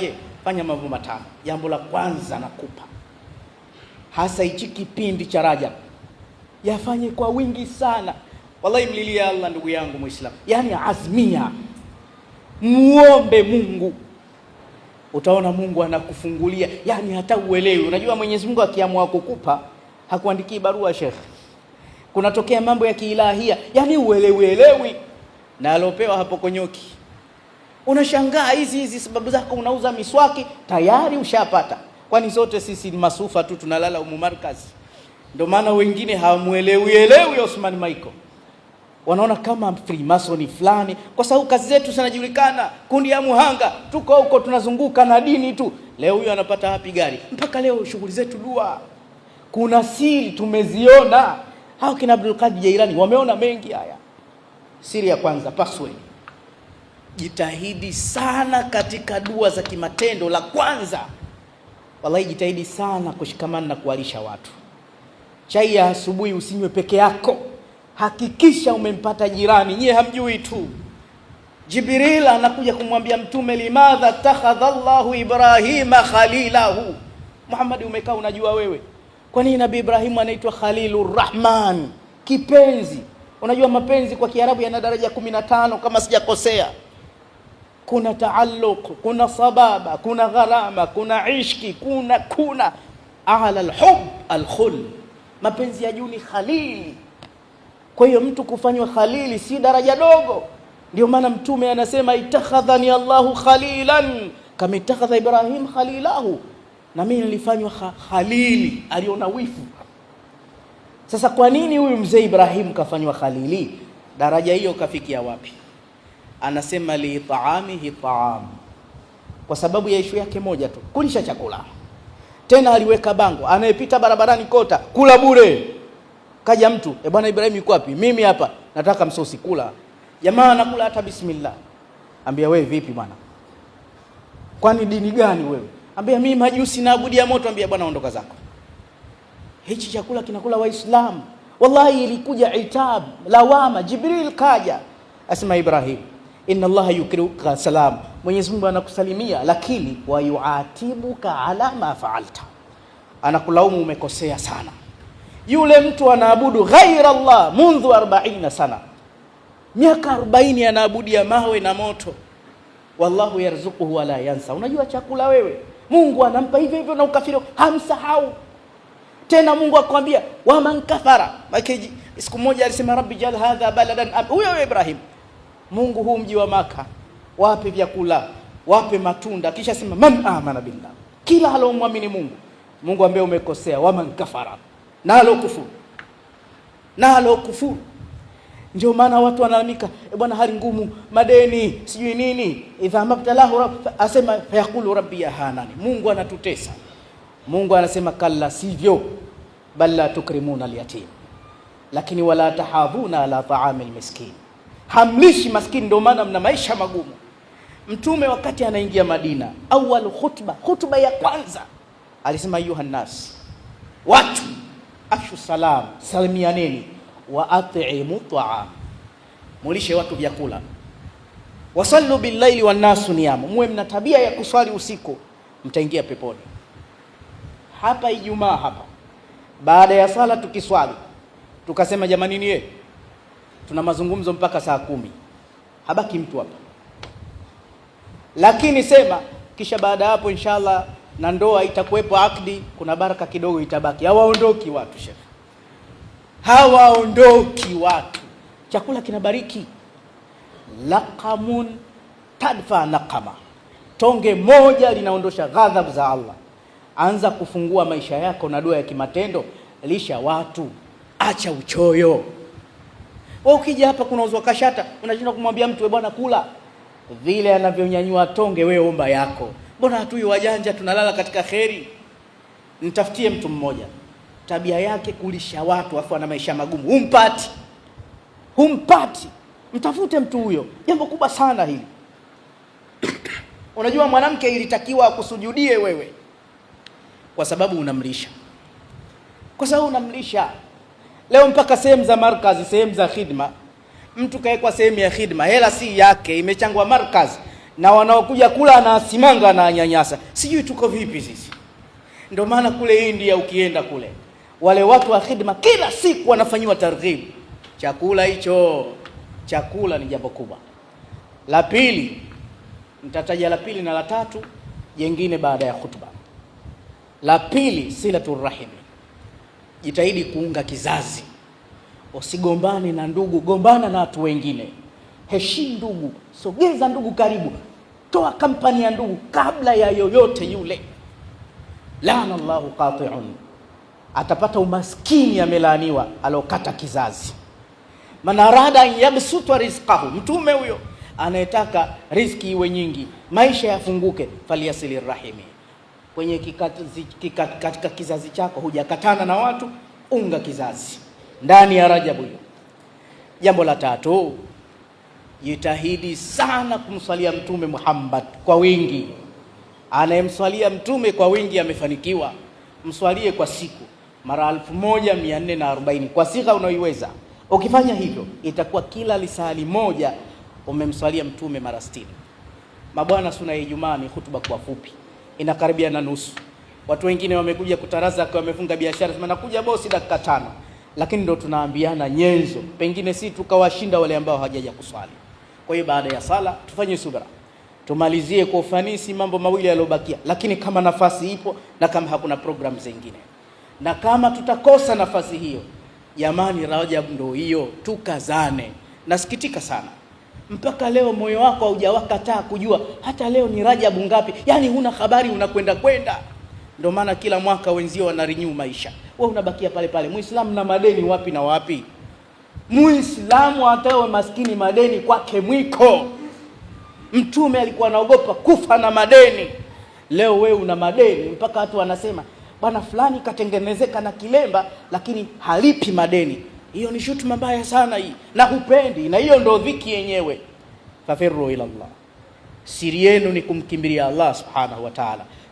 Nakuambiaje? Fanya mambo matano. Jambo la kwanza nakupa, hasa hichi kipindi cha Rajab, yafanye kwa wingi sana. Wallahi, mlilia Allah ndugu yangu Muislamu, yani azmia, muombe Mungu, utaona Mungu anakufungulia, yani hata uelewi. Unajua Mwenyezi Mungu akiamua kukupa hakuandikii barua Sheikh, kunatokea mambo ya kiilahia, yaani uelewi uelewielewi na alopewa hapo konyoki Unashangaa hizi hizi sababu zako, unauza miswaki tayari ushapata. Kwani zote sisi ni masufa tu, tunalala umu markazi. Ndio maana wengine hawamuelewi elewi Osman Michael, wanaona kama Freemason fulani, kwa sababu kazi zetu zinajulikana. Kundi ya Muhanga, tuko huko tunazunguka na dini tu. Leo huyu anapata wapi gari? Mpaka leo shughuli zetu dua, kuna siri tumeziona. Hao kina Abdul Qadir Jailani wameona mengi haya. Siri ya kwanza, password jitahidi sana katika dua za kimatendo. La kwanza, wallahi jitahidi sana kushikamana na kuwalisha watu. Chai ya asubuhi usinywe peke yako, hakikisha umempata jirani. Nyie hamjui tu, Jibril anakuja kumwambia Mtume, limadha takhadha llahu ibrahima khalilahu. Muhammad, umekaa unajua wewe kwa nini Nabii Ibrahimu anaitwa Khalilur Rahman, kipenzi? Unajua mapenzi kwa Kiarabu yana daraja 15 kama sijakosea kuna taalluq, kuna sababa, kuna gharama, kuna ishki, kuna kuna ala alhub alkhul. Mapenzi ya juu ni khalili. Kwa hiyo mtu kufanywa khalili si daraja dogo. Ndio maana Mtume anasema itakhadhani Allahu khalilan kama itakhadha Ibrahim khalilahu, na mimi nilifanywa khalili. Aliona wifu. Sasa kwa nini huyu mzee Ibrahim kafanywa khalili? Daraja hiyo kafikia wapi? anasema li taamihi taam, kwa sababu ya ishu yake moja tu, kulisha chakula. Tena aliweka bango, anayepita barabarani kota kula bure. Kaja mtu e, bwana Ibrahim yuko wapi? Mimi hapa nataka msosi, kula. Jamaa anakula hata bismillah. Ambia wewe vipi bwana, kwani dini gani wewe? Ambia mimi majusi naabudu ya moto. Ambia bwana, ondoka zako, hichi chakula kinakula Waislamu. Wallahi ilikuja itab, lawama. Jibril kaja asema Ibrahim inna Allaha yukriuka salam, Mwenyezi Mungu anakusalimia, lakini wayuatibuka ala ma faalta, anakulaumu umekosea sana. Yule mtu anaabudu ghaira Allah mundhu arbaina sana, miaka 40 anaabudia mawe na moto. Wallahu yarzukuhu wala yansa. Unajua chakula wewe, Mungu anampa hivyo hivyo na ukafiri hamsahau tena Mungu akwambia waman kafara. Siku moja alisema rabbi jal hadha baladan, huyo Ibrahim Mungu, huu mji wa Maka wape vyakula, wape matunda, kisha sema man amana billah, kila alomwamini Mungu. Mungu ambaye umekosea, waman kafara na alokufuru na alokufuru. Ndio maana watu wanalalamika, e bwana, hali ngumu, madeni, sijui nini. idha mabtalahu asema fayaqulu rabbi yahanani, Mungu anatutesa. Mungu anasema kalla, sivyo, bal la tukrimuna alyatim, lakini wala tahabuna ala taamil miskin hamlishi maskini, ndio maana mna maisha magumu. Mtume wakati anaingia Madina, awal khutba, khutba ya kwanza alisema ayuhannas, watu afshu salam, salimianeni, wa atimu taam, mulishe watu vyakula, wasallu billaili wannasu niyamu, muwe mna tabia ya kuswali usiku, mtaingia peponi. Hapa Ijumaa hapa baada ya sala tukiswali tukasema, jamani, yeye tuna mazungumzo mpaka saa kumi, habaki mtu hapa. Lakini sema kisha baada ya hapo inshallah na ndoa itakuwepo akdi, kuna baraka kidogo itabaki. Hawaondoki watu shekhe, hawaondoki watu, chakula kinabariki. Laqamun tadfa naqama, tonge moja linaondosha ghadhabu za Allah. Anza kufungua maisha yako na dua ya kimatendo, lisha watu, acha uchoyo. Wewe ukija hapa kunauzwa kashata, unashinda kumwambia mtu we bwana kula vile anavyonyanyua tonge, wewe omba yako. Mbona hatuyo wajanja, tunalala katika kheri? Nitafutie mtu mmoja tabia yake kulisha watu, afu ana maisha magumu, humpati, humpati. Mtafute mtu huyo. Jambo kubwa sana hili. Unajua, mwanamke ilitakiwa akusujudie wewe, kwa sababu unamlisha, kwa sababu unamlisha Leo mpaka sehemu za markazi, sehemu za khidma, mtu kawekwa sehemu ya khidma, hela si yake, imechangwa markazi, na wanaokuja kula anasimanga na nyanyasa. Sijui tuko vipi sisi. Ndio maana kule India ukienda kule wale watu wa khidma kila siku wanafanyiwa targhibu. Chakula hicho, chakula ni jambo kubwa. La pili, nitataja la pili na la tatu, jengine baada ya khutba. La pili, silaturrahimi jitahidi kuunga kizazi, usigombane na ndugu, gombana na watu wengine, heshimu ndugu, sogeza ndugu karibu, toa kampani ya ndugu kabla ya yoyote yule. Laana llahu qati'un, atapata umaskini, amelaaniwa alokata kizazi. Man arada an yabsuta rizqahu, mtume huyo anayetaka riziki iwe nyingi, maisha yafunguke, falyasili rahimi kwenye kikazi, katika kizazi chako hujakatana na watu, unga kizazi ndani ya Rajabu hiyo. Jambo la tatu, jitahidi sana kumswalia Mtume Muhammad kwa wingi. Anayemswalia Mtume kwa wingi amefanikiwa. Mswalie kwa siku mara arobaini kwa sigha unaoiweza. Ukifanya hivyo itakuwa kila lisali moja umemswalia Mtume mara 60. Mabwana, suna ya Ijumaa ni hutuba kwa fupi inakaribia na nusu. Watu wengine wamekuja kutaraza kwa wamefunga biashara sema nakuja bosi dakika tano, lakini ndo tunaambiana nyenzo, pengine si tukawashinda wale ambao hawajaja kuswali. Kwa hiyo baada ya sala tufanye subra, tumalizie kwa ufanisi mambo mawili yaliyobakia, lakini kama nafasi ipo na kama hakuna program zingine na kama tutakosa nafasi hiyo, jamani, Rajab ndo hiyo, tukazane. Nasikitika sana mpaka leo moyo wako haujawakataa kujua hata leo ni Rajabu ngapi, yaani huna habari, unakwenda kwenda. Ndio maana kila mwaka wenzio wanarinyu maisha, wewe unabakia pale pale. Muislamu na madeni wapi na wapi? Muislamu atawe maskini, madeni kwake mwiko. Mtume alikuwa anaogopa kufa na madeni. Leo wewe una madeni mpaka watu wanasema bwana fulani katengenezeka na kilemba, lakini halipi madeni. Hiyo ni shutuma mbaya sana hii, na hupendi, na hiyo ndio dhiki yenyewe. Fafirru ila Allah, siri yenu ni kumkimbilia Allah subhanahu wa ta'ala.